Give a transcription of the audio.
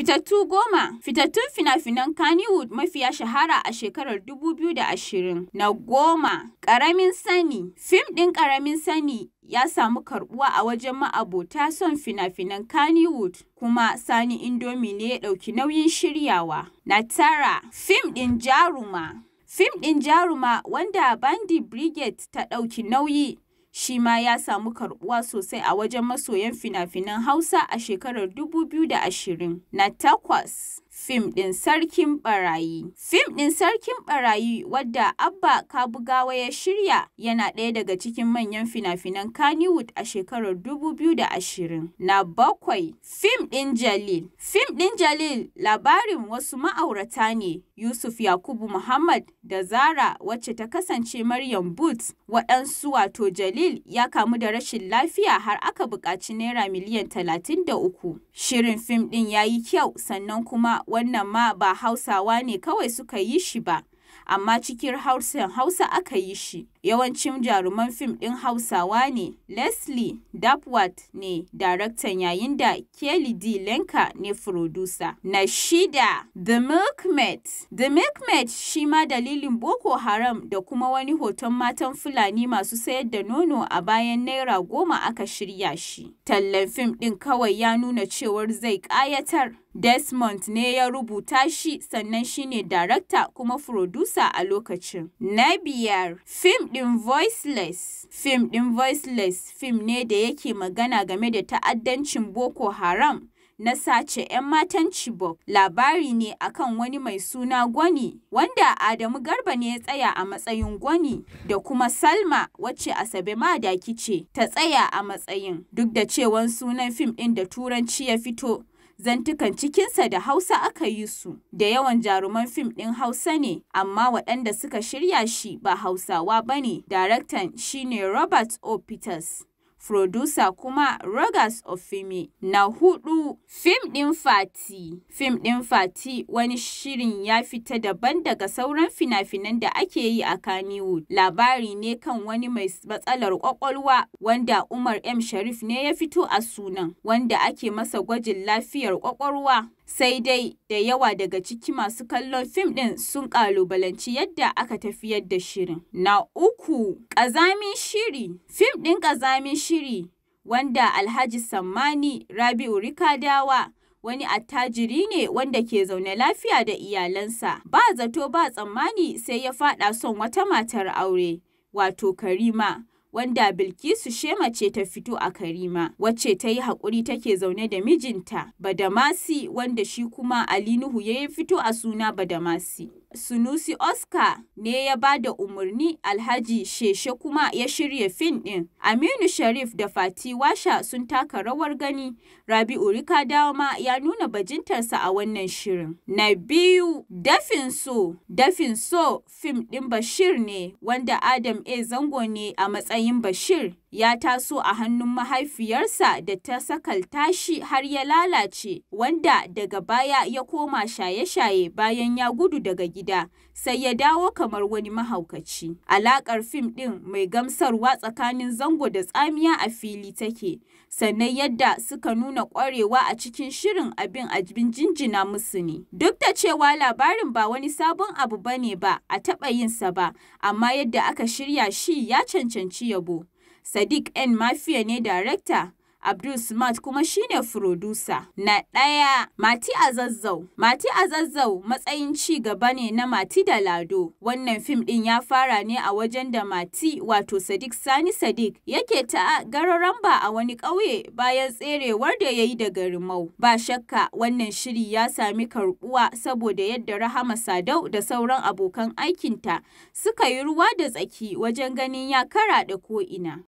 Fitattu goma Fitattun fina-finan Kannywood mafiya shahara a shekarar 2020 na goma Ƙaramin Sani Fim ɗin Ƙaramin Sani ya samu karɓuwa a wajen ma'abota son fina-finan Kannywood kuma Sani Indomi ne ya ɗauki nauyin shiryawa. Na tara Fim ɗin Jaruma Fim ɗin Jaruma wanda Bandi Brigade ta ɗauki nauyi shi ma ya samu karbuwa sosai a wajen masoyan fina-finan Hausa a shekarar 2020. Na takwas Fim ɗin Sarkin Ɓarayi Fim ɗin Sarkin Ɓarayi wadda Abba Kabugawa ya shirya yana ɗaya daga cikin manyan fina-finan Kannywood a shekarar 2020. Na bakwai Fim ɗin Jalil Fim ɗin Jalil labarin wasu ma'aurata ne Yusuf Yakubu Muhammad da Zara wacce ta kasance Maryam Boots waɗansu wato Jalil ya kamu da rashin lafiya har aka buƙaci naira miliyan 33. Shirin fim ɗin ya yi kyau sannan kuma wannan ma ba Hausawa ne kawai suka yi shi ba. amma cikin hausan hausa aka yi shi yawancin jaruman fim ɗin hausawa ne leslie dapwat ne daraktan yayin da kelly d lenka ne furodusa na shida the milkmaid the milkmaid shi ma dalilin boko haram da kuma wani hoton matan fulani masu sayar da nono a bayan naira goma aka shirya shi tallan fim ɗin kawai ya nuna cewar zai ƙayatar Desmond ne ya rubuta shi sannan shi ne darakta kuma furodusa a lokacin. Na biyar, fim ɗin Voiceless. Fim ɗin Voiceless fim ne da yake magana game da ta'addancin Boko Haram na sace 'yan matan Chibok. Labari ne akan wani mai suna Gwani, wanda Adamu Garba ne ya tsaya a matsayin Gwani da kuma Salma wacce Asabe Madaki ce ta tsaya a matsayin. Duk da cewan sunan fim ɗin da Turanci ya fito, zantukan cikinsa da Hausa aka yi su. Da yawan jaruman fim ɗin Hausa ne, amma waɗanda suka shirya shi ba Hausawa ba ne, daraktan shine Robert O. Peters. Furodusa kuma Rogers Ofimi. Na hudu fim ɗin Fati. Fim ɗin Fati wani shirin ya fita daban daga sauran fina-finan da ake yi a Kannywood. Labari ne kan wani mai matsalar kwakwalwa wanda Umar M. Sharif ne ya fito a sunan, wanda ake masa gwajin lafiyar kwakwalwa. Sai dai da yawa daga ciki masu kallon fim ɗin sun ƙalubalanci yadda aka tafiyar da shirin. Na uku, ƙazamin shiri. Fim ɗin ƙazamin shiri wanda Alhaji Sammani Rabi'u Rikadawa wani attajiri ne wanda ke zaune lafiya da iyalansa ba zato ba tsammani sai ya faɗa son wata matar aure wato Karima wanda Bilkisu Shema ce ta fito a Karima, wacce ta yi haƙuri take zaune da mijinta Badamasi wanda shi kuma alinuhu ya yi fito a suna Badamasi. Sunusi Oscar ne ya ba da umarni Alhaji Sheshe kuma ya shirya fim ɗin. Aminu Sharif da Fati Washa sun taka rawar gani, Rabi'u Rikadawa ma ya nuna bajintarsa a wannan shirin. Na biyu, Dafin So. Dafin So fim ɗin Bashir ne wanda Adam A. Zango ne a matsayin Bashir. ya taso a hannun mahaifiyarsa da ta sakalta shi har ya lalace, wanda daga baya ya koma shaye-shaye bayan ya gudu daga gida. gida sai ya dawo kamar wani mahaukaci. alaƙar fim ɗin mai gamsarwa tsakanin zango da tsamiya a fili take, sannan yadda suka nuna ƙwarewa a cikin shirin abin ajibin jinjina musu ne. Duk da cewa labarin ba wani sabon abu bane ba a taɓa yinsa ba, amma yadda aka shirya shi ya cancanci yabo. Sadiq N. Mafia ne darekta Abdul Smart kuma shine furodusa. Na ɗaya Mati Azazzau. Mati Azazzau matsayin ci gaba ne na Mati da Lado. Wannan fim ɗin ya fara ne a wajen da Mati wato Sadiq Sani Sadiq yake ta gararan ba a wani ƙauye bayan tserewar da ya yi daga Rimau. Ba shakka wannan shiri ya sami karɓuwa saboda yadda Rahama Sadau da sauran abokan aikinta suka yi ruwa da tsaki wajen ganin ya karaɗa ko'ina.